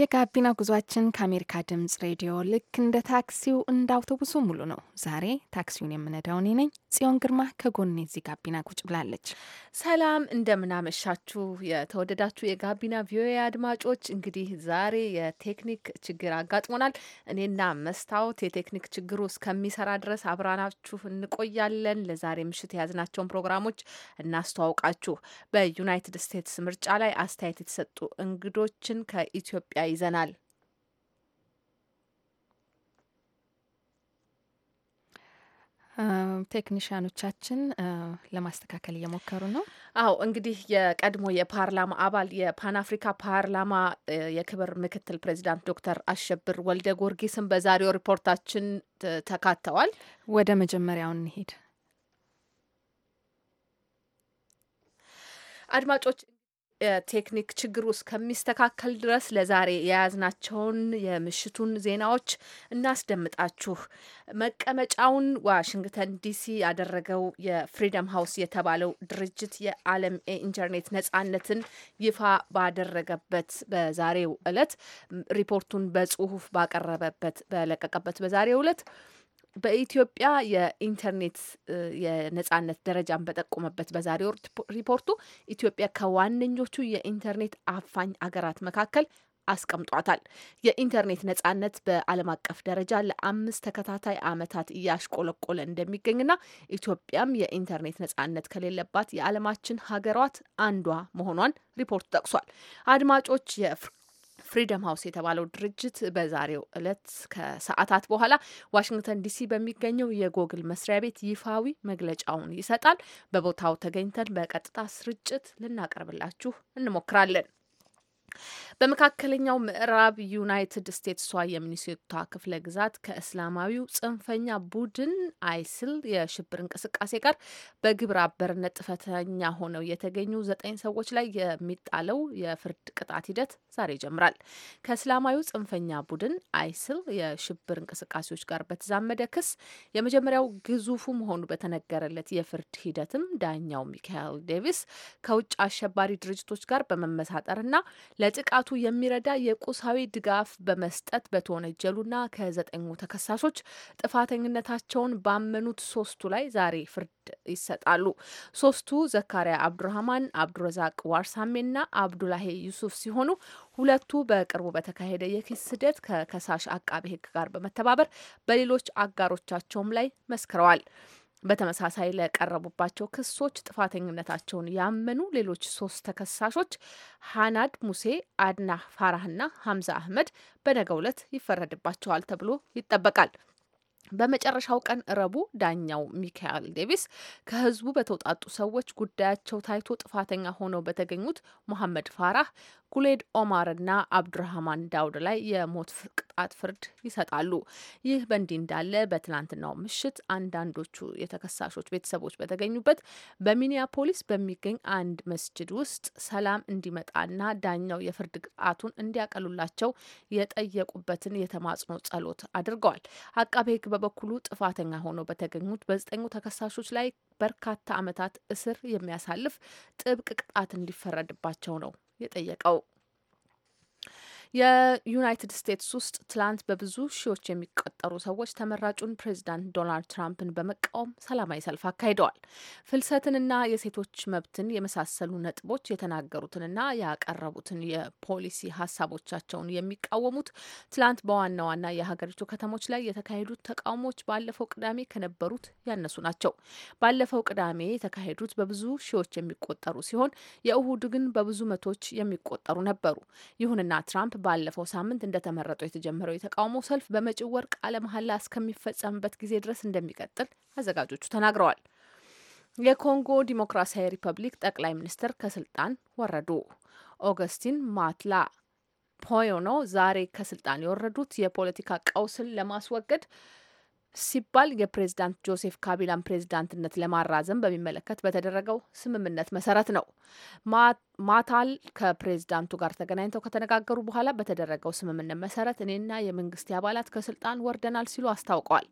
የጋቢና ጉዟችን ከአሜሪካ ድምጽ ሬዲዮ ልክ እንደ ታክሲው እንደ አውቶቡሱ ሙሉ ነው። ዛሬ ታክሲውን የምነዳው እኔ ነኝ ጽዮን ግርማ። ከጎኔ እዚህ ጋቢና ቁጭ ብላለች። ሰላም እንደምናመሻችሁ የተወደዳችሁ የጋቢና ቪኦኤ አድማጮች። እንግዲህ ዛሬ የቴክኒክ ችግር አጋጥሞናል። እኔና መስታወት የቴክኒክ ችግሩ እስከሚሰራ ድረስ አብራናችሁ እንቆያለን። ለዛሬ ምሽት የያዝናቸውን ፕሮግራሞች እናስተዋውቃችሁ። በዩናይትድ ስቴትስ ምርጫ ላይ አስተያየት የተሰጡ እንግዶችን ከኢትዮጵያ ይዘናል። ቴክኒሽያኖቻችን ለማስተካከል እየሞከሩ ነው። አዎ እንግዲህ የቀድሞ የፓርላማ አባል የፓን አፍሪካ ፓርላማ የክብር ምክትል ፕሬዚዳንት ዶክተር አሸብር ወልደ ጊዮርጊስን በዛሬው ሪፖርታችን ተካተዋል። ወደ መጀመሪያው እንሄድ አድማጮች። የቴክኒክ ችግሩ እስከሚስተካከል ድረስ ለዛሬ የያዝናቸውን የምሽቱን ዜናዎች እናስደምጣችሁ። መቀመጫውን ዋሽንግተን ዲሲ ያደረገው የፍሪደም ሀውስ የተባለው ድርጅት የዓለም የኢንተርኔት ነጻነትን ይፋ ባደረገበት በዛሬው እለት ሪፖርቱን በጽሁፍ ባቀረበበት በለቀቀበት በዛሬው እለት በኢትዮጵያ የኢንተርኔት የነጻነት ደረጃን በጠቆመበት በዛሬው ሪፖርቱ ኢትዮጵያ ከዋነኞቹ የኢንተርኔት አፋኝ አገራት መካከል አስቀምጧታል። የኢንተርኔት ነጻነት በዓለም አቀፍ ደረጃ ለአምስት ተከታታይ ዓመታት እያሽቆለቆለ እንደሚገኝና ኢትዮጵያም የኢንተርኔት ነጻነት ከሌለባት የዓለማችን ሀገሯት አንዷ መሆኗን ሪፖርቱ ጠቅሷል። አድማጮች ፍሪደም ሀውስ የተባለው ድርጅት በዛሬው ዕለት ከሰዓታት በኋላ ዋሽንግተን ዲሲ በሚገኘው የጎግል መስሪያ ቤት ይፋዊ መግለጫውን ይሰጣል። በቦታው ተገኝተን በቀጥታ ስርጭት ልናቀርብላችሁ እንሞክራለን። በመካከለኛው ምዕራብ ዩናይትድ ስቴትሷ የሚኒሶታ ክፍለ ግዛት ከእስላማዊው ጽንፈኛ ቡድን አይስል የሽብር እንቅስቃሴ ጋር በግብረ አበርነት ጥፋተኛ ሆነው የተገኙ ዘጠኝ ሰዎች ላይ የሚጣለው የፍርድ ቅጣት ሂደት ዛሬ ይጀምራል። ከእስላማዊው ጽንፈኛ ቡድን አይስል የሽብር እንቅስቃሴዎች ጋር በተዛመደ ክስ የመጀመሪያው ግዙፉ መሆኑ በተነገረለት የፍርድ ሂደትም ዳኛው ሚካኤል ዴቪስ ከውጭ አሸባሪ ድርጅቶች ጋር በመመሳጠርና ለጥቃቱ የሚረዳ የቁሳዊ ድጋፍ በመስጠት በተወነጀሉና ከዘጠኙ ተከሳሾች ጥፋተኝነታቸውን ባመኑት ሶስቱ ላይ ዛሬ ፍርድ ይሰጣሉ። ሶስቱ ዘካሪያ አብዱራህማን፣ አብዱረዛቅ ዋርሳሜና አብዱላሂ ዩሱፍ ሲሆኑ ሁለቱ በቅርቡ በተካሄደ የክስ ሂደት ከከሳሽ አቃቤ ሕግ ጋር በመተባበር በሌሎች አጋሮቻቸውም ላይ መስክረዋል። በተመሳሳይ ለቀረቡባቸው ክሶች ጥፋተኝነታቸውን ያመኑ ሌሎች ሶስት ተከሳሾች ሀናድ ሙሴ፣ አድና ፋራህና ሀምዛ አህመድ በነገው ዕለት ይፈረድባቸዋል ተብሎ ይጠበቃል። በመጨረሻው ቀን ረቡ ዳኛው ሚካኤል ዴቪስ ከህዝቡ በተውጣጡ ሰዎች ጉዳያቸው ታይቶ ጥፋተኛ ሆነው በተገኙት ሞሐመድ ፋራህ ጉሌድ እና አብዱራህማን ዳውድ ላይ የሞት ቅጣት ፍርድ ይሰጣሉ። ይህ በእንዲህ እንዳለ በትናንትናው ምሽት አንዳንዶቹ የተከሳሾች ቤተሰቦች በተገኙበት በሚኒያፖሊስ በሚገኝ አንድ መስጅድ ውስጥ ሰላም እንዲመጣና ዳኛው የፍርድ ቅጣቱን እንዲያቀሉላቸው የጠየቁበትን የተማጽኖ ጸሎት አድርገዋል። አቃቤ ሕግ በበኩሉ ጥፋተኛ ሆኖ በተገኙት በዘጠኙ ተከሳሾች ላይ በርካታ ዓመታት እስር የሚያሳልፍ ጥብቅ ቅጣት እንዲፈረድባቸው ነው የጠየቀው። የዩናይትድ ስቴትስ ውስጥ ትላንት በብዙ ሺዎች የሚቆጠሩ ሰዎች ተመራጩን ፕሬዚዳንት ዶናልድ ትራምፕን በመቃወም ሰላማዊ ሰልፍ አካሂደዋል። ፍልሰትንና የሴቶች መብትን የመሳሰሉ ነጥቦች የተናገሩትንና ያቀረቡትን የፖሊሲ ሀሳቦቻቸውን የሚቃወሙት ትላንት በዋና ዋና የሀገሪቱ ከተሞች ላይ የተካሄዱት ተቃውሞዎች ባለፈው ቅዳሜ ከነበሩት ያነሱ ናቸው። ባለፈው ቅዳሜ የተካሄዱት በብዙ ሺዎች የሚቆጠሩ ሲሆን የእሁድ ግን በብዙ መቶች የሚቆጠሩ ነበሩ። ይሁንና ትራምፕ ባለፈው ሳምንት እንደተመረጠው የተጀመረው የተቃውሞ ሰልፍ በመጪው ወር ቃለ መሐላ እስከሚፈጸምበት ጊዜ ድረስ እንደሚቀጥል አዘጋጆቹ ተናግረዋል። የኮንጎ ዲሞክራሲያዊ ሪፐብሊክ ጠቅላይ ሚኒስትር ከስልጣን ወረዱ። ኦገስቲን ማትላ ፖዮኖ ዛሬ ከስልጣን የወረዱት የፖለቲካ ቀውስን ለማስወገድ ሲባል የፕሬዝዳንት ጆሴፍ ካቢላን ፕሬዝዳንትነት ለማራዘም በሚመለከት በተደረገው ስምምነት መሰረት ነው። ማታል ከፕሬዝዳንቱ ጋር ተገናኝተው ከተነጋገሩ በኋላ በተደረገው ስምምነት መሰረት እኔና የመንግስት አባላት ከስልጣን ወርደናል ሲሉ አስታውቀዋል።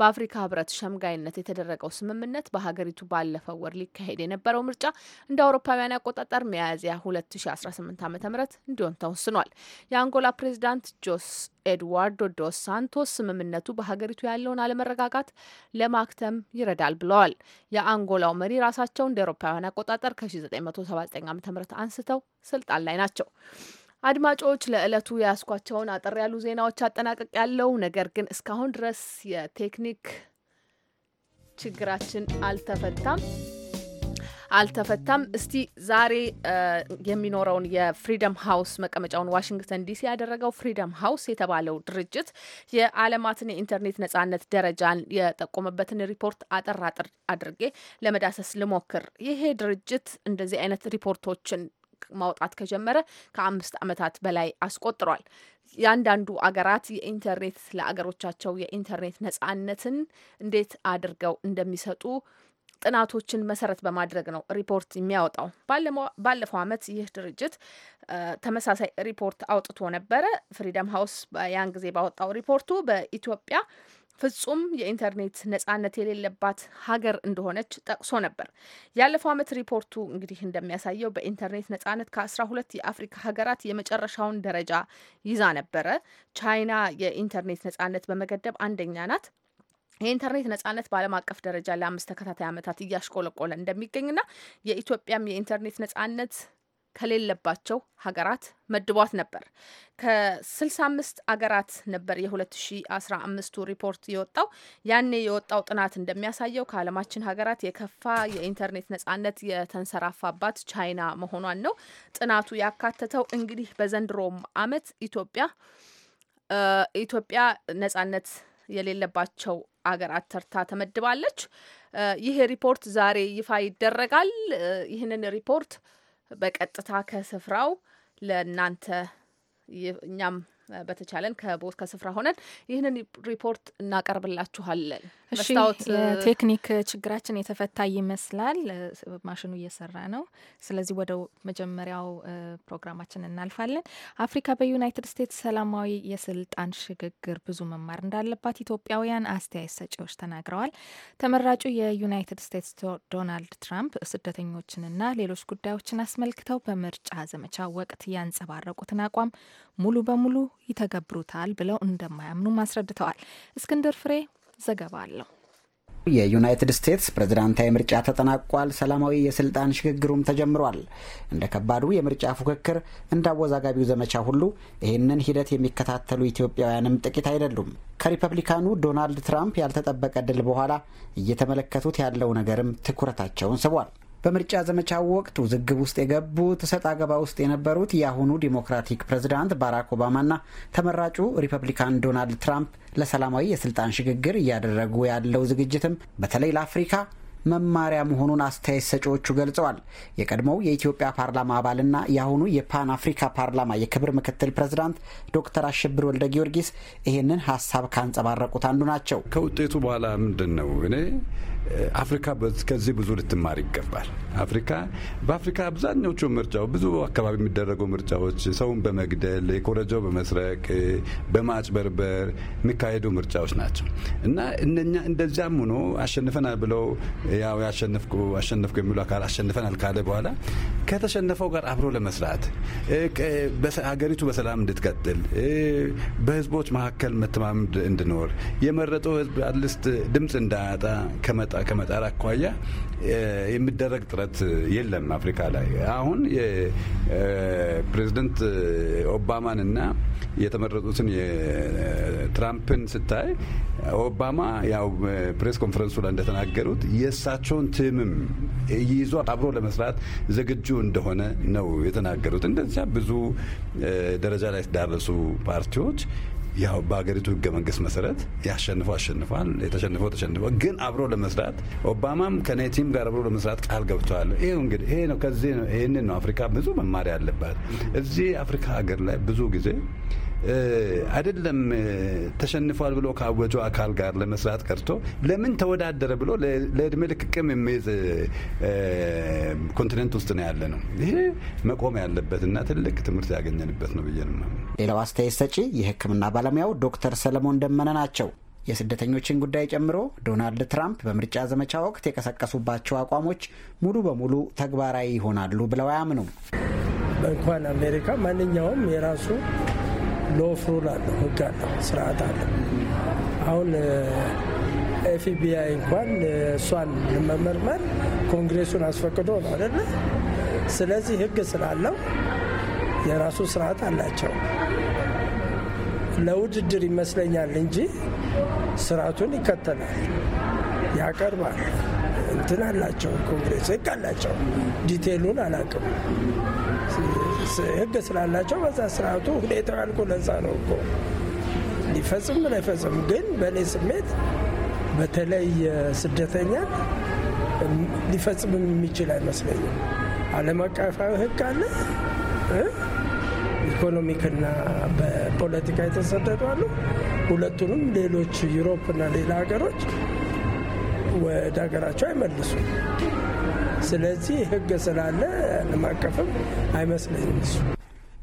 በአፍሪካ ህብረት ሸምጋይነት የተደረገው ስምምነት በሀገሪቱ ባለፈው ወር ሊካሄድ የነበረው ምርጫ እንደ አውሮፓውያን አቆጣጠር ሚያዝያ 2018 ዓ ም እንዲሆን ተወስኗል። የአንጎላ ፕሬዚዳንት ጆስ ኤድዋርዶ ዶስ ሳንቶስ ስምምነቱ በሀገሪቱ ያለውን አለመረጋጋት ለማክተም ይረዳል ብለዋል። የአንጎላው መሪ ራሳቸው እንደ አውሮፓውያን አቆጣጠር ከ1979 ዓ ም ሹመት አንስተው ስልጣን ላይ ናቸው። አድማጮች ለዕለቱ የያስኳቸውን አጠር ያሉ ዜናዎች አጠናቀቅ ያለው ነገር ግን እስካሁን ድረስ የቴክኒክ ችግራችን አልተፈታም። አልተፈታም። እስቲ ዛሬ የሚኖረውን የፍሪደም ሀውስ መቀመጫውን ዋሽንግተን ዲሲ ያደረገው ፍሪደም ሀውስ የተባለው ድርጅት የዓለማትን የኢንተርኔት ነጻነት ደረጃን የጠቆመበትን ሪፖርት አጠር አጠር አድርጌ ለመዳሰስ ልሞክር። ይሄ ድርጅት እንደዚህ አይነት ሪፖርቶችን ማውጣት ከጀመረ ከአምስት ዓመታት በላይ አስቆጥሯል። የአንዳንዱ አገራት የኢንተርኔት ለአገሮቻቸው የኢንተርኔት ነጻነትን እንዴት አድርገው እንደሚሰጡ ጥናቶችን መሰረት በማድረግ ነው ሪፖርት የሚያወጣው። ባለፈው ዓመት ይህ ድርጅት ተመሳሳይ ሪፖርት አውጥቶ ነበረ። ፍሪደም ሀውስ ያን ጊዜ ባወጣው ሪፖርቱ በኢትዮጵያ ፍጹም የኢንተርኔት ነጻነት የሌለባት ሀገር እንደሆነች ጠቅሶ ነበር። ያለፈው ዓመት ሪፖርቱ እንግዲህ እንደሚያሳየው በኢንተርኔት ነጻነት ከአስራ ሁለት የአፍሪካ ሀገራት የመጨረሻውን ደረጃ ይዛ ነበረ። ቻይና የኢንተርኔት ነጻነት በመገደብ አንደኛ ናት። የኢንተርኔት ነጻነት በዓለም አቀፍ ደረጃ ለአምስት ተከታታይ ዓመታት እያሽቆለቆለ እንደሚገኝና የኢትዮጵያም የኢንተርኔት ነጻነት ከሌለባቸው ሀገራት መድቧት ነበር። ከ65 አገራት ነበር የ2015ቱ ሪፖርት የወጣው። ያኔ የወጣው ጥናት እንደሚያሳየው ከዓለማችን ሀገራት የከፋ የኢንተርኔት ነጻነት የተንሰራፋባት ቻይና መሆኗን ነው ጥናቱ ያካተተው። እንግዲህ በዘንድሮም ዓመት ኢትዮጵያ ኢትዮጵያ ነጻነት የሌለባቸው አገራት ተርታ ተመድባለች። ይህ ሪፖርት ዛሬ ይፋ ይደረጋል። ይህንን ሪፖርት በቀጥታ ከስፍራው ለእናንተ እኛም በተቻለን ከቦት ከስፍራ ሆነን ይህንን ሪፖርት እናቀርብላችኋለን። መስታወት ችግራችን የተፈታ ይመስላል። ማሽኑ እየሰራ ነው። ስለዚህ ወደ መጀመሪያው ፕሮግራማችን እናልፋለን። አፍሪካ በዩናይትድ ስቴትስ ሰላማዊ የስልጣን ሽግግር ብዙ መማር እንዳለባት ኢትዮጵያውያን አስተያየት ሰጪዎች ተናግረዋል። ተመራጩ የዩናይትድ ስቴትስ ዶናልድ ትራምፕ ስደተኞችንና ሌሎች ጉዳዮችን አስመልክተው በምርጫ ዘመቻ ወቅት ያንጸባረቁትን አቋም ሙሉ በሙሉ ይተገብሩታል ብለው እንደማያምኑም አስረድተዋል። እስክንድር ፍሬ ዘገባ አለው። የዩናይትድ ስቴትስ ፕሬዝዳንታዊ ምርጫ ተጠናቋል። ሰላማዊ የስልጣን ሽግግሩም ተጀምሯል። እንደ ከባዱ የምርጫ ፉክክር እንደ አወዛጋቢው ዘመቻ ሁሉ ይህንን ሂደት የሚከታተሉ ኢትዮጵያውያንም ጥቂት አይደሉም። ከሪፐብሊካኑ ዶናልድ ትራምፕ ያልተጠበቀ ድል በኋላ እየተመለከቱት ያለው ነገርም ትኩረታቸውን ስቧል። በምርጫ ዘመቻው ወቅት ውዝግብ ውስጥ የገቡት ሰጥ አገባ ውስጥ የነበሩት የአሁኑ ዲሞክራቲክ ፕሬዝዳንት ባራክ ኦባማና ተመራጩ ሪፐብሊካን ዶናልድ ትራምፕ ለሰላማዊ የስልጣን ሽግግር እያደረጉ ያለው ዝግጅትም በተለይ ለአፍሪካ መማሪያ መሆኑን አስተያየት ሰጪዎቹ ገልጸዋል። የቀድሞው የኢትዮጵያ ፓርላማ አባልና የአሁኑ የፓን አፍሪካ ፓርላማ የክብር ምክትል ፕሬዝዳንት ዶክተር አሸብር ወልደ ጊዮርጊስ ይህንን ሀሳብ ካንጸባረቁት አንዱ ናቸው። ከውጤቱ በኋላ ምንድን ነው እኔ አፍሪካ ከዚህ ብዙ ልትማር ይገባል። አፍሪካ በአፍሪካ አብዛኞቹ ምርጫው ብዙ አካባቢ የሚደረጉ ምርጫዎች ሰውን በመግደል የኮረጃው በመስረቅ በማጭበርበር የሚካሄዱ ምርጫዎች ናቸው እና እነኛ እንደዚያም ሆኖ አሸንፈናል ብለው ያው ያሸንፍኩ አሸንፍኩ የሚሉ አካል አሸንፈናል ካለ በኋላ ከተሸነፈው ጋር አብሮ ለመስራት ሀገሪቱ በሰላም እንድትቀጥል በህዝቦች መካከል መተማመን እንዲኖር የመረጠው ህዝብ አትሊስት ድምፅ እንዳያጣ ከመጣር አኳያ የሚደረግ ጥረት የለም አፍሪካ ላይ። አሁን የፕሬዚደንት ኦባማን እና የተመረጡትን የትራምፕን ስታይ ኦባማ ያው ፕሬስ ኮንፈረንሱ ላይ እንደተናገሩት የእሳቸውን ትምም ይዞ አብሮ ለመስራት ዝግጁ እንደሆነ ነው የተናገሩት። እንደዚያ ብዙ ደረጃ ላይ ሲዳረሱ ፓርቲዎች ያው በሀገሪቱ ህገ መንግስት መሰረት ያሸንፈው አሸንፏል፣ የተሸንፈው ተሸንፏል። ግን አብሮ ለመስራት ኦባማም ከኔቲም ጋር አብሮ ለመስራት ቃል ገብተዋል። ይህ እንግዲህ ይሄ ነው። ከዚህ ነው ይህንን ነው አፍሪካ ብዙ መማሪያ አለባት። እዚህ አፍሪካ ሀገር ላይ ብዙ ጊዜ አይደለም ተሸንፏል ብሎ ካወጁ አካል ጋር ለመስራት ቀርቶ ለምን ተወዳደረ ብሎ ለእድሜ ልክቅም የሚይዝ ኮንቲኔንት ውስጥ ነው ያለ ነው። ይሄ መቆም ያለበትና ትልቅ ትምህርት ያገኘንበት ነው ብዬ ነው። ሌላው አስተያየት ሰጪ የሕክምና ባለሙያው ዶክተር ሰለሞን ደመነ ናቸው። የስደተኞችን ጉዳይ ጨምሮ ዶናልድ ትራምፕ በምርጫ ዘመቻ ወቅት የቀሰቀሱባቸው አቋሞች ሙሉ በሙሉ ተግባራዊ ይሆናሉ ብለው አያምኑም። እንኳን አሜሪካ ማንኛውም የራሱ ሎፍሩል አለው ህግ አለው ስርዓት አለው። አሁን ኤፍቢአይ እንኳን እሷን ለመመርመር ኮንግሬሱን አስፈቅዶ ነው አደለ? ስለዚህ ህግ ስላለው የራሱ ስርዓት አላቸው። ለውድድር ይመስለኛል እንጂ ስርዓቱን ይከተላል፣ ያቀርባል። እንትን አላቸው ኮንግሬስ ህግ አላቸው። ዲቴሉን አላውቅም። ህግ ስላላቸው በዛ ስርዓቱ ሁኔታው ያልኩ ነፃ ነው እኮ ሊፈጽም ላይፈጽም። ግን በእኔ ስሜት በተለይ ስደተኛ ሊፈጽም የሚችል አይመስለኝም። ዓለም አቀፋዊ ህግ አለ። ኢኮኖሚክና በፖለቲካ የተሰደዱ አሉ። ሁለቱንም ሌሎች ዩሮፕና ሌላ ሀገሮች ወደ ሀገራቸው አይመልሱም። ስለዚህ ህግ ስላለ ዓለም አቀፍም አይመስለኝም እሱ።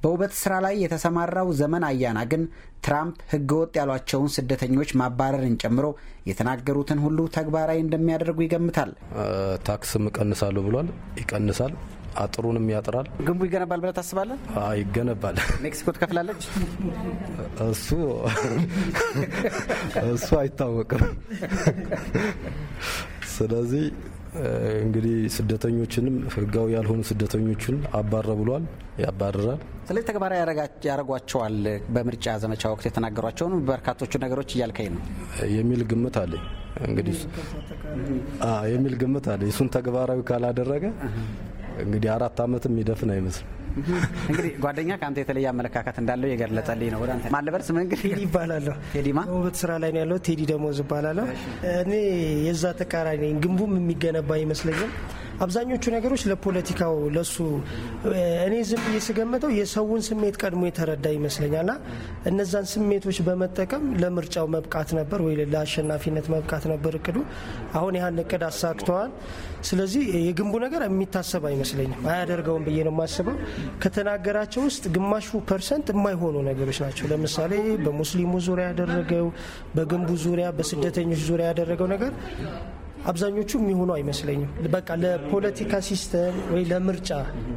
በውበት ስራ ላይ የተሰማራው ዘመን አያና ግን ትራምፕ ህገወጥ ያሏቸውን ስደተኞች ማባረርን ጨምሮ የተናገሩትን ሁሉ ተግባራዊ እንደሚያደርጉ ይገምታል። ታክስም እቀንሳለሁ ብሏል፣ ይቀንሳል። አጥሩንም ያጥራል። ግንቡ ይገነባል ብለህ ታስባለህ? ይገነባል። ሜክሲኮ ትከፍላለች። እሱ እሱ አይታወቅም። ስለዚህ እንግዲህ ስደተኞችንም ህጋዊ ያልሆኑ ስደተኞችን አባረ ብሏል፣ ያባርራል። ስለዚህ ተግባራዊ ያደርጓቸዋል። በምርጫ ዘመቻ ወቅት የተናገሯቸውን በርካቶቹ ነገሮች እያልከኝ ነው የሚል ግምት አለኝ። እንግዲህ የሚል ግምት አለ። እሱን ተግባራዊ ካላደረገ እንግዲህ አራት አመትም የሚደፍን አይመስልም። እንግዲህ ጓደኛ ከአንተ የተለየ አመለካከት እንዳለው የገለጸልኝ ነው። ወደ ማለበርስ ምን እንግዲህ ቴዲ ይባላለሁ። ቴዲ ማ ውበት ስራ ላይ ነው ያለው። ቴዲ ደሞዝ ይባላለሁ። እኔ የዛ ተቃራኒ ግንቡም የሚገነባ ይመስለኛል አብዛኞቹ ነገሮች ለፖለቲካው ለሱ እኔ ዝም ብዬ ስገምተው የሰውን ስሜት ቀድሞ የተረዳ ይመስለኛልና እነዛን ስሜቶች በመጠቀም ለምርጫው መብቃት ነበር ወይ ለአሸናፊነት መብቃት ነበር እቅዱ። አሁን ያህን እቅድ አሳክተዋል። ስለዚህ የግንቡ ነገር የሚታሰብ አይመስለኝም፣ አያደርገውም ብዬ ነው የማስበው። ከተናገራቸው ውስጥ ግማሹ ፐርሰንት የማይሆኑ ነገሮች ናቸው። ለምሳሌ በሙስሊሙ ዙሪያ ያደረገው፣ በግንቡ ዙሪያ፣ በስደተኞች ዙሪያ ያደረገው ነገር አብዛኞቹ የሚሆኑ አይመስለኝም። በቃ ለፖለቲካ ሲስተም ወይ ለምርጫ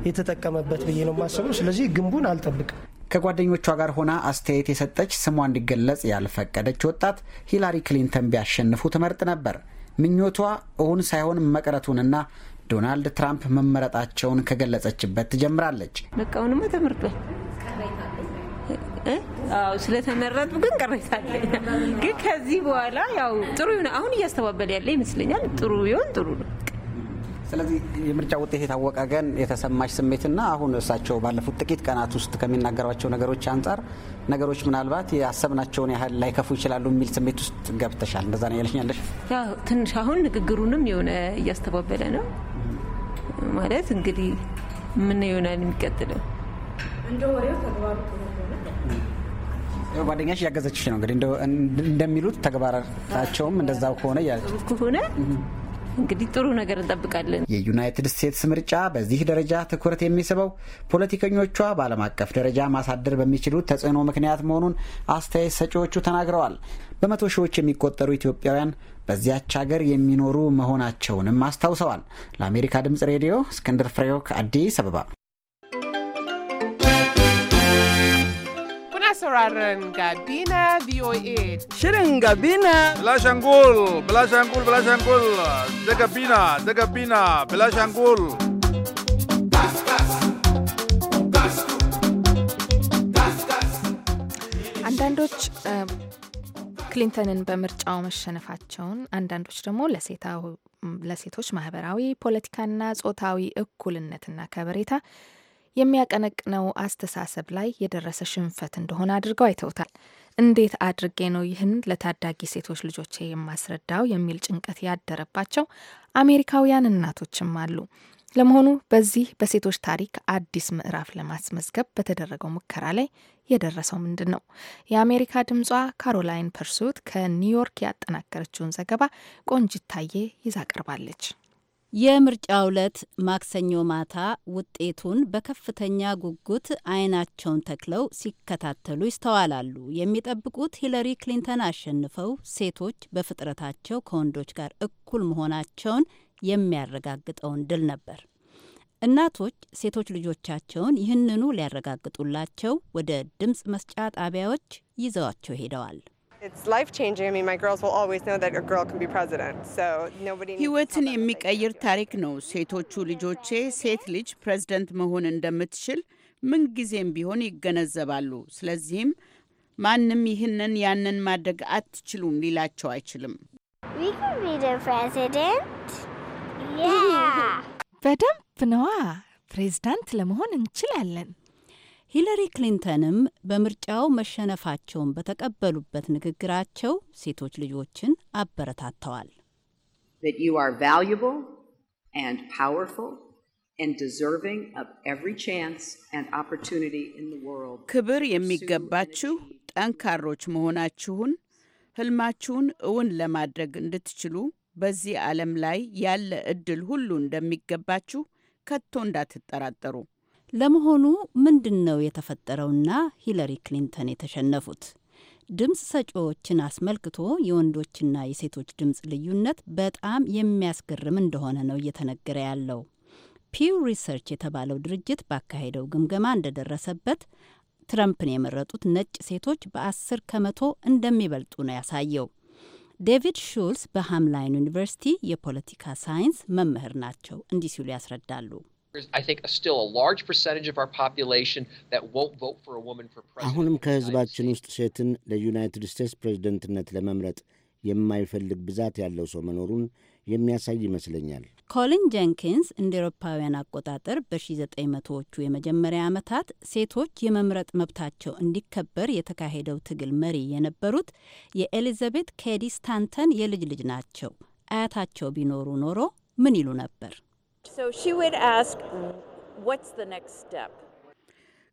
የተጠቀመበት ብዬ ነው የማስበው። ስለዚህ ግንቡን አልጠብቅም። ከጓደኞቿ ጋር ሆና አስተያየት የሰጠች ስሟ እንዲገለጽ ያልፈቀደች ወጣት ሂላሪ ክሊንተን ቢያሸንፉ ትመርጥ ነበር። ምኞቷ እሁን ሳይሆን መቅረቱንና ዶናልድ ትራምፕ መመረጣቸውን ከገለጸችበት ትጀምራለች። በቃ አሁንማ ተመርጧል ስለተመረጥ ግን ቅሬታ አለኝ። ግን ከዚህ በኋላ ያው ጥሩ ይሁን አሁን እያስተባበለ ያለ ይመስለኛል። ጥሩ ይሆን ጥሩ ነው። ስለዚህ የምርጫ ውጤት የታወቀ ግን የተሰማሽ ስሜትና አሁን እሳቸው ባለፉት ጥቂት ቀናት ውስጥ ከሚናገሯቸው ነገሮች አንጻር ነገሮች ምናልባት ያሰብናቸውን ያህል ላይከፉ ይችላሉ የሚል ስሜት ውስጥ ገብተሻል። እንደዛ ነው ያለሽኛለሽ? ትንሽ አሁን ንግግሩንም የሆነ እያስተባበለ ነው ማለት እንግዲህ ምን ይሆናል የሚቀጥለው እንደ ወሬው ተግባሩ ጓደኛሽ እያገዘችሽ ነው እንግዲህ እንደሚሉት ተግባራቸውም እንደዛው ከሆነ ከሆነ እንግዲህ ጥሩ ነገር እንጠብቃለን። የዩናይትድ ስቴትስ ምርጫ በዚህ ደረጃ ትኩረት የሚስበው ፖለቲከኞቿ በዓለም አቀፍ ደረጃ ማሳደር በሚችሉት ተጽዕኖ ምክንያት መሆኑን አስተያየት ሰጪዎቹ ተናግረዋል። በመቶ ሺዎች የሚቆጠሩ ኢትዮጵያውያን በዚያች ሀገር የሚኖሩ መሆናቸውንም አስታውሰዋል። ለአሜሪካ ድምጽ ሬዲዮ እስክንድር ፍሬው ከአዲስ አበባ sauraron Gabina VOA. Shirin Gabina. Bilashangul, Bilashangul, Bilashangul. Da Gabina, da Gabina, Bilashangul. አንዳንዶች ክሊንተንን በምርጫው መሸነፋቸውን፣ አንዳንዶች ደግሞ ለሴቶች ማህበራዊ ፖለቲካና ጾታዊ እኩልነትና ከበሬታ የሚያቀነቅነው አስተሳሰብ ላይ የደረሰ ሽንፈት እንደሆነ አድርገው አይተውታል። እንዴት አድርጌ ነው ይህን ለታዳጊ ሴቶች ልጆቼ የማስረዳው የሚል ጭንቀት ያደረባቸው አሜሪካውያን እናቶችም አሉ። ለመሆኑ በዚህ በሴቶች ታሪክ አዲስ ምዕራፍ ለማስመዝገብ በተደረገው ሙከራ ላይ የደረሰው ምንድን ነው? የአሜሪካ ድምጿ ካሮላይን ፐርሱት ከኒውዮርክ ያጠናከረችውን ዘገባ ቆንጅታዬ ይዛ ቀርባለች። የምርጫው ዕለት ማክሰኞ ማታ ውጤቱን በከፍተኛ ጉጉት አይናቸውን ተክለው ሲከታተሉ ይስተዋላሉ። የሚጠብቁት ሂለሪ ክሊንተን አሸንፈው ሴቶች በፍጥረታቸው ከወንዶች ጋር እኩል መሆናቸውን የሚያረጋግጠውን ድል ነበር። እናቶች ሴቶች ልጆቻቸውን ይህንኑ ሊያረጋግጡላቸው ወደ ድምፅ መስጫ ጣቢያዎች ይዘዋቸው ሄደዋል። ህይወትን የሚቀይር ታሪክ ነው። ሴቶቹ ልጆቼ ሴት ልጅ ፕሬዝደንት መሆን እንደምትችል ምንጊዜም ቢሆን ይገነዘባሉ። ስለዚህም ማንም ይህንን ያንን ማድረግ አትችሉም ሊላቸው አይችልም። በደንብ ነዋ ፕሬዝዳንት ለመሆን እንችላለን። ሂለሪ ክሊንተንም በምርጫው መሸነፋቸውን በተቀበሉበት ንግግራቸው ሴቶች ልጆችን አበረታተዋል። ክብር የሚገባችሁ ጠንካሮች መሆናችሁን፣ ህልማችሁን እውን ለማድረግ እንድትችሉ በዚህ ዓለም ላይ ያለ እድል ሁሉ እንደሚገባችሁ ከቶ እንዳትጠራጠሩ ለመሆኑ ምንድን ነው የተፈጠረውና ሂለሪ ክሊንተን የተሸነፉት? ድምፅ ሰጪዎችን አስመልክቶ የወንዶችና የሴቶች ድምፅ ልዩነት በጣም የሚያስገርም እንደሆነ ነው እየተነገረ ያለው። ፒው ሪሰርች የተባለው ድርጅት ባካሄደው ግምገማ እንደደረሰበት ትረምፕን የመረጡት ነጭ ሴቶች በአስር ከመቶ እንደሚበልጡ ነው ያሳየው። ዴቪድ ሹልስ በሃምላይን ዩኒቨርሲቲ የፖለቲካ ሳይንስ መምህር ናቸው። እንዲህ ሲሉ ያስረዳሉ። አሁንም ከህዝባችን ውስጥ ሴትን ለዩናይትድ ስቴትስ ፕሬዝደንትነት ለመምረጥ የማይፈልግ ብዛት ያለው ሰው መኖሩን የሚያሳይ ይመስለኛል። ኮሊን ጀንኪንስ እንደ ኤሮፓውያን አቆጣጠር በ1900ዎቹ የመጀመሪያ ዓመታት ሴቶች የመምረጥ መብታቸው እንዲከበር የተካሄደው ትግል መሪ የነበሩት የኤሊዛቤት ኬዲ ስታንተን የልጅ ልጅ ናቸው። አያታቸው ቢኖሩ ኖሮ ምን ይሉ ነበር?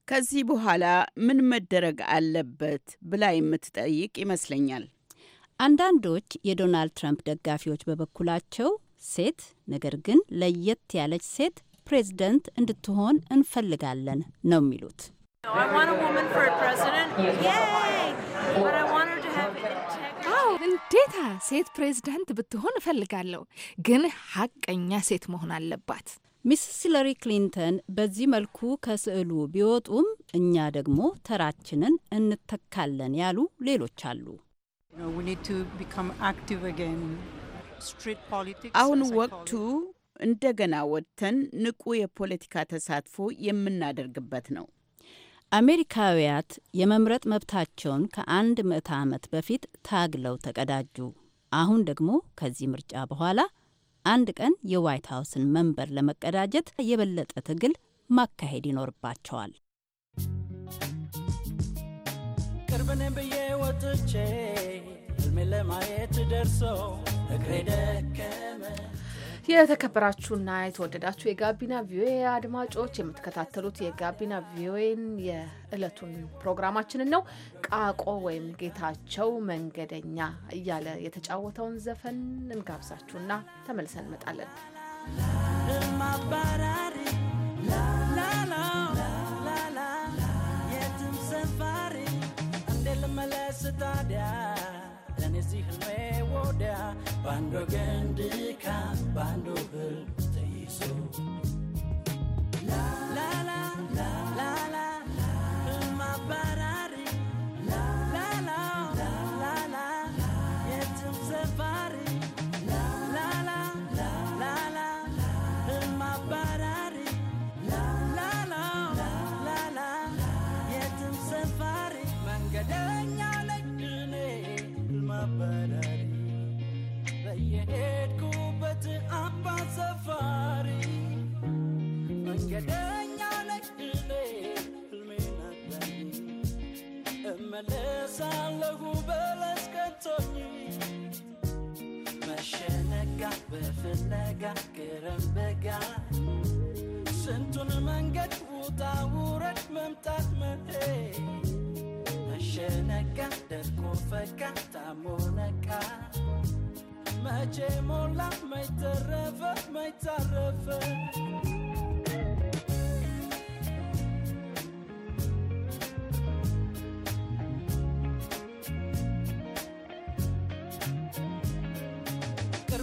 ከዚህ በኋላ ምን መደረግ አለበት ብላ የምትጠይቅ ይመስለኛል። አንዳንዶች የዶናልድ ትራምፕ ደጋፊዎች በበኩላቸው ሴት ነገር ግን ለየት ያለች ሴት ፕሬዝደንት እንድትሆን እንፈልጋለን ነው የሚሉት። ግዴታ ሴት ፕሬዝዳንት ብትሆን እፈልጋለሁ፣ ግን ሀቀኛ ሴት መሆን አለባት። ሚስስ ሂለሪ ክሊንተን በዚህ መልኩ ከስዕሉ ቢወጡም እኛ ደግሞ ተራችንን እንተካለን ያሉ ሌሎች አሉ። አሁን ወቅቱ እንደገና ወጥተን ንቁ የፖለቲካ ተሳትፎ የምናደርግበት ነው። አሜሪካውያት የመምረጥ መብታቸውን ከአንድ ምዕተ ዓመት በፊት ታግለው ተቀዳጁ። አሁን ደግሞ ከዚህ ምርጫ በኋላ አንድ ቀን የዋይት ሀውስን መንበር ለመቀዳጀት የበለጠ ትግል ማካሄድ ይኖርባቸዋል። ቅርብን ብዬ ወጥቼ ህልሜ ለማየት ደርሶ እግሬ ደከመ። የተከበራችሁና የተወደዳችሁ የጋቢና ቪኦኤ አድማጮች የምትከታተሉት የጋቢና ቪኦኤን የእለቱን ፕሮግራማችንን ነው። ቃቆ ወይም ጌታቸው መንገደኛ እያለ የተጫወተውን ዘፈን እንጋብዛችሁና ተመልሰን እንመጣለን። የትም ሰፋሪ ልመለስ ታዲያ ለእኔ እዚህ ወዲያ ባንድ ወገን ድካም ባንድ ብር ተይዞ ላላ ላላ ማባራ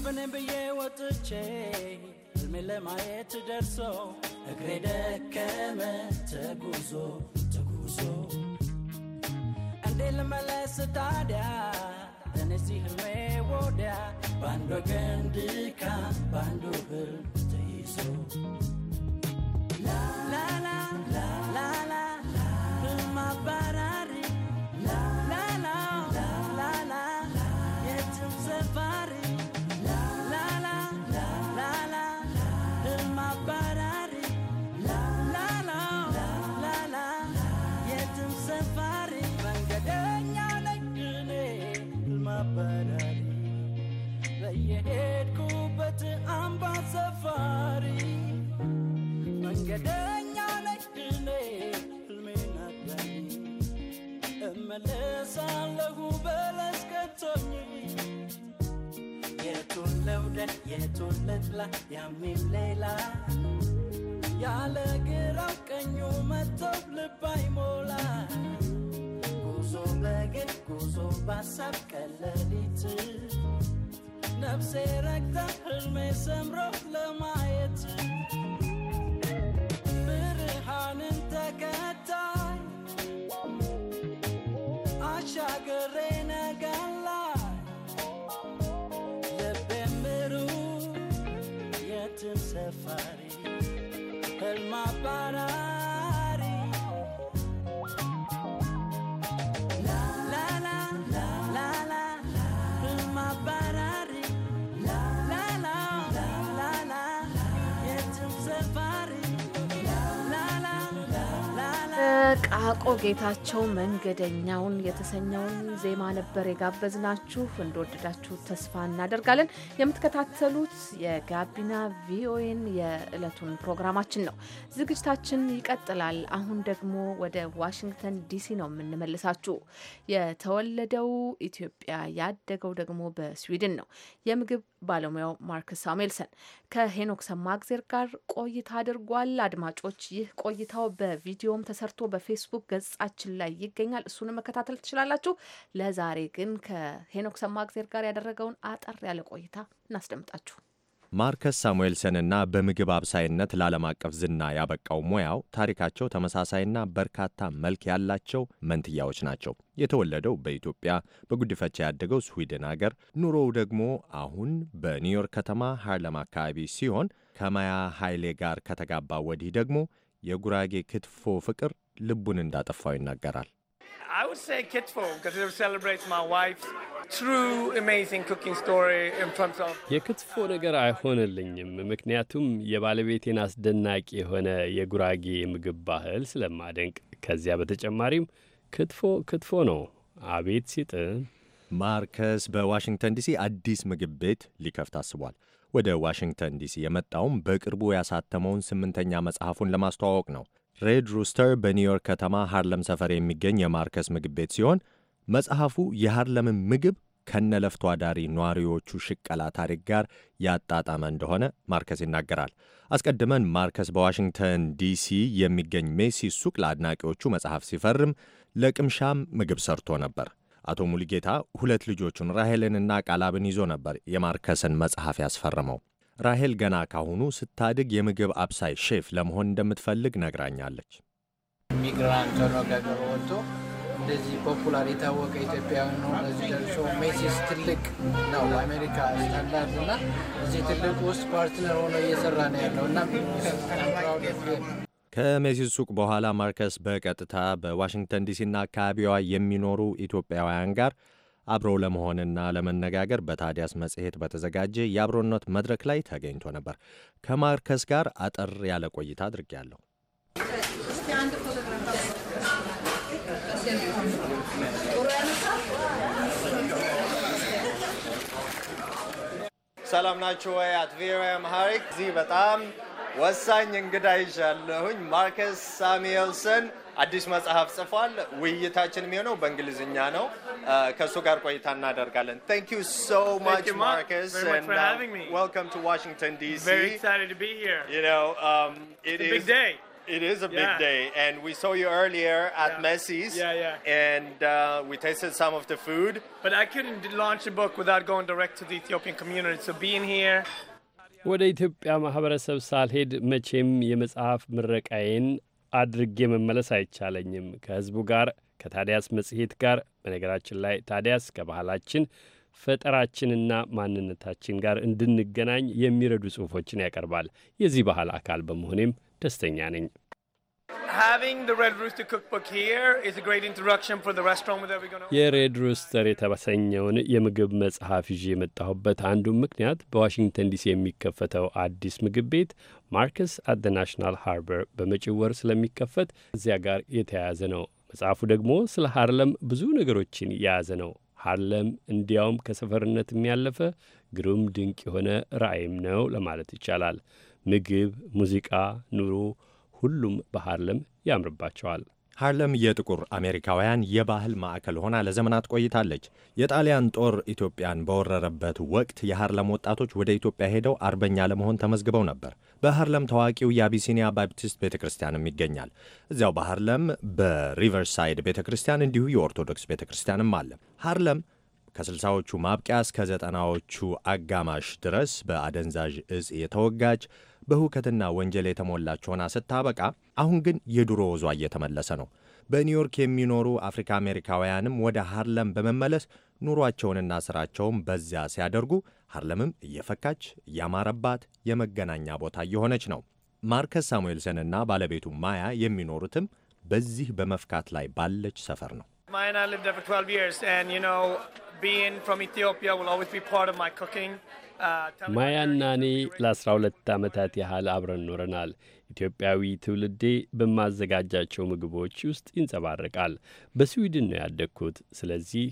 ልብንም ብዬ ወጥቼ ሕልሜ ለማየት ደርሶ እግሬ ደከመ ተጉዞ ተጉዞ እንዴ ልመለስ ታዲያ እነዚህ ሕልሜ ወዲያ በአንድ ወገን ድካም በአንዱ ብር ተይዞ ላ ላ ላ የቶለውደህ የቶለትላ ያሜም ሌላ ያለ ግራው ቀኙ መጥተው ልባ ሞላ ጉዞ በግድ ጉዞ ባሳብ ቀለሊት ነፍሴ ረግታ ህልሜ ሰምሮ ለማየት አቆ ጌታቸው መንገደኛውን የተሰኘውን ዜማ ነበር የጋበዝናችሁ። እንደወደዳችሁ ተስፋ እናደርጋለን። የምትከታተሉት የጋቢና ቪኦኤን የዕለቱን ፕሮግራማችን ነው። ዝግጅታችን ይቀጥላል። አሁን ደግሞ ወደ ዋሽንግተን ዲሲ ነው የምንመልሳችሁ። የተወለደው ኢትዮጵያ ያደገው ደግሞ በስዊድን ነው። የምግብ ባለሙያው ማርክስ ሳሙኤልሰን ከሄኖክ ሰማግዜር ጋር ቆይታ አድርጓል። አድማጮች፣ ይህ ቆይታው በቪዲዮም ተሰርቶ በፌስቡክ ገጻችን ላይ ይገኛል። እሱን መከታተል ትችላላችሁ። ለዛሬ ግን ከሄኖክ ሰማግዜር ጋር ያደረገውን አጠር ያለ ቆይታ እናስደምጣችሁ። ማርከስ ሳሙኤልሰንና በምግብ አብሳይነት ለዓለም አቀፍ ዝና ያበቃው ሙያው ታሪካቸው ተመሳሳይና በርካታ መልክ ያላቸው መንትያዎች ናቸው። የተወለደው በኢትዮጵያ በጉድፈቻ ያደገው ስዊድን አገር፣ ኑሮው ደግሞ አሁን በኒውዮርክ ከተማ ሃርለም አካባቢ ሲሆን ከማያ ኃይሌ ጋር ከተጋባ ወዲህ ደግሞ የጉራጌ ክትፎ ፍቅር ልቡን እንዳጠፋው ይናገራል። I would say Kitfo because it celebrates my wife's true amazing cooking story in front of የክትፎ ነገር አይሆንልኝም ምክንያቱም የባለቤቴን አስደናቂ የሆነ የጉራጌ ምግብ ባህል ስለማደንቅ። ከዚያ በተጨማሪም ክትፎ ክትፎ ነው፣ አቤት ሲጥም። ማርከስ በዋሽንግተን ዲሲ አዲስ ምግብ ቤት ሊከፍት አስቧል። ወደ ዋሽንግተን ዲሲ የመጣውም በቅርቡ ያሳተመውን ስምንተኛ መጽሐፉን ለማስተዋወቅ ነው። ሬድ ሩስተር በኒውዮርክ ከተማ ሃርለም ሰፈር የሚገኝ የማርከስ ምግብ ቤት ሲሆን መጽሐፉ የሃርለምን ምግብ ከነለፍቶ አዳሪ ነዋሪዎቹ ሽቀላ ታሪክ ጋር ያጣጣመ እንደሆነ ማርከስ ይናገራል። አስቀድመን ማርከስ በዋሽንግተን ዲሲ የሚገኝ ሜሲ ሱቅ ለአድናቂዎቹ መጽሐፍ ሲፈርም ለቅምሻም ምግብ ሰርቶ ነበር። አቶ ሙሉጌታ ሁለት ልጆቹን ራሄልንና ቃላብን ይዞ ነበር የማርከስን መጽሐፍ ያስፈረመው። ራሄል ገና ካሁኑ ስታድግ የምግብ አብሳይ ሼፍ ለመሆን እንደምትፈልግ ነግራኛለች። ሚግራንት ሆኖ ከገር ወጥቶ እንደዚህ ፖፑላር የታወቀ ኢትዮጵያዊ ነው። እዚህ ደርሶ ሜሲስ ትልቅ ነው አሜሪካ ስታንዳርድ እና እዚህ ትልቅ ውስጥ ፓርትነር ሆኖ እየሰራ ነው ያለው እና ከሜሲስ ሱቅ በኋላ ማርከስ በቀጥታ በዋሽንግተን ዲሲና አካባቢዋ የሚኖሩ ኢትዮጵያውያን ጋር አብሮ ለመሆንና ለመነጋገር በታዲያስ መጽሔት በተዘጋጀ የአብሮነት መድረክ ላይ ተገኝቶ ነበር። ከማርከስ ጋር አጠር ያለ ቆይታ አድርጌያለሁ። ሰላም ናችሁ ወይ? አት ቪኦኤ አምሃሪክ እዚህ በጣም ወሳኝ እንግዳ ይዣለሁኝ ማርከስ ሳሙኤልሰን አዲስ መጽሐፍ ጽፏል። ውይይታችን የሚሆነው በእንግሊዝኛ ነው። ከእሱ ጋር ቆይታ እናደርጋለን። ታንክ ዩ ሶ ማች ማርከስ be ቱ ዋሽንግተን ዲሲ It is a yeah. big day, and we saw you earlier at yeah. Macy's. Yeah, yeah. And uh, we tasted some of the food. But I couldn't launch a book without going direct to the Ethiopian community. So being here. ወደ ኢትዮጵያ ማህበረሰብ ሳልሄድ መቼም የመጽሐፍ ምረቃዬን አድርጌ መመለስ አይቻለኝም ከህዝቡ ጋር ከታዲያስ መጽሔት ጋር በነገራችን ላይ ታዲያስ ከባህላችን ፈጠራችንና ማንነታችን ጋር እንድንገናኝ የሚረዱ ጽሑፎችን ያቀርባል። የዚህ ባህል አካል በመሆኔም ደስተኛ ነኝ። የሬድ ሩስተር የተሰኘውን የምግብ መጽሐፍ ይዤ የመጣሁበት አንዱ ምክንያት በዋሽንግተን ዲሲ የሚከፈተው አዲስ ምግብ ቤት ማርክስ አት ደ ናሽናል ሃርበር በመጪው ወር ስለሚከፈት እዚያ ጋር የተያያዘ ነው። መጽሐፉ ደግሞ ስለ ሃርለም ብዙ ነገሮችን የያዘ ነው። ሃርለም እንዲያውም ከሰፈርነት የሚያለፈ ግሩም ድንቅ የሆነ ራእይም ነው ለማለት ይቻላል። ምግብ፣ ሙዚቃ፣ ኑሮ ሁሉም በሃርለም ያምርባቸዋል። ሃርለም የጥቁር አሜሪካውያን የባህል ማዕከል ሆና ለዘመናት ቆይታለች። የጣሊያን ጦር ኢትዮጵያን በወረረበት ወቅት የሃርለም ወጣቶች ወደ ኢትዮጵያ ሄደው አርበኛ ለመሆን ተመዝግበው ነበር። በሃርለም ታዋቂው የአቢሲኒያ ባፕቲስት ቤተ ክርስቲያንም ይገኛል። እዚያው በሃርለም በሪቨርሳይድ ቤተ ክርስቲያን እንዲሁ የኦርቶዶክስ ቤተ ክርስቲያንም አለ። ሃርለም ከስልሳዎቹ ማብቂያ እስከ ዘጠናዎቹ አጋማሽ ድረስ በአደንዛዥ እጽ የተወጋች በሁከትና ወንጀል የተሞላች ሆና ስታበቃ፣ አሁን ግን የድሮ ወዟ እየተመለሰ ነው። በኒውዮርክ የሚኖሩ አፍሪካ አሜሪካውያንም ወደ ሃርለም በመመለስ ኑሯቸውንና ስራቸውን በዚያ ሲያደርጉ ሃርለምም እየፈካች እያማረባት የመገናኛ ቦታ እየሆነች ነው። ማርከስ ሳሙኤልሰንና ባለቤቱ ማያ የሚኖሩትም በዚህ በመፍካት ላይ ባለች ሰፈር ነው። ማያና እኔ ለ12 ዓመታት ያህል አብረን ኖረናል። ኢትዮጵያዊ ትውልዴ በማዘጋጃቸው ምግቦች ውስጥ ይንጸባረቃል። በስዊድን ነው ያደግኩት። ስለዚህ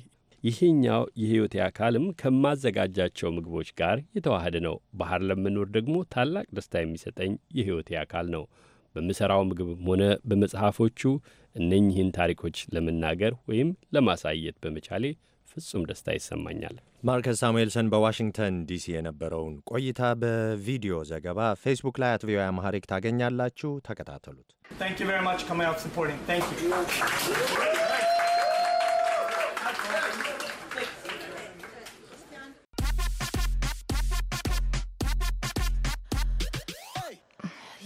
ይሄኛው የሕይወቴ አካልም ከማዘጋጃቸው ምግቦች ጋር የተዋህደ ነው። ባህር ለመኖር ደግሞ ታላቅ ደስታ የሚሰጠኝ የሕይወቴ አካል ነው። በምሠራው ምግብም ሆነ በመጽሐፎቹ እነኚህን ታሪኮች ለመናገር ወይም ለማሳየት በመቻሌ ፍጹም ደስታ ይሰማኛል። ማርከስ ሳሙኤልሰን በዋሽንግተን ዲሲ የነበረውን ቆይታ በቪዲዮ ዘገባ ፌስቡክ ላይ አት ቪኦኤ አማሪክ ታገኛላችሁ። ተከታተሉት።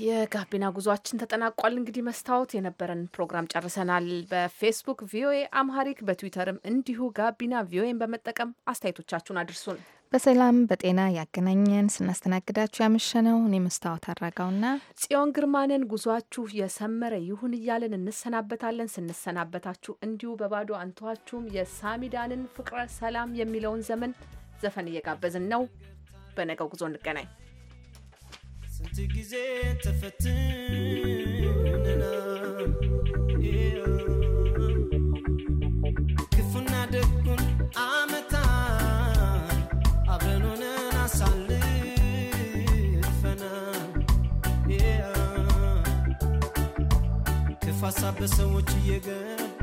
የጋቢና ጉዟችን ተጠናቋል። እንግዲህ መስታወት የነበረን ፕሮግራም ጨርሰናል። በፌስቡክ ቪኦኤ አምሃሪክ፣ በትዊተርም እንዲሁ ጋቢና ቪኦኤን በመጠቀም አስተያየቶቻችሁን አድርሱን። በሰላም በጤና ያገናኘን። ስናስተናግዳችሁ ያመሸነው እኔ መስታወት አራጋውና ጽዮን ግርማንን። ጉዟችሁ የሰመረ ይሁን እያለን እንሰናበታለን። ስንሰናበታችሁ እንዲሁ በባዶ አንተዋችሁም የሳሚዳንን ፍቅረ ሰላም የሚለውን ዘመን ዘፈን እየጋበዝን ነው። በነገው ጉዞ እንገናኝ። ስንት ጊዜ ተፈትነናል። ክፉና ደጉን አመታት አብረን ሆነን አሳልፈናል። ክፉ ሀሳብ በሰዎች እየገባ